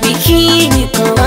бикини класс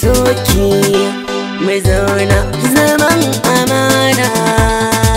soki mu zauna zaman amana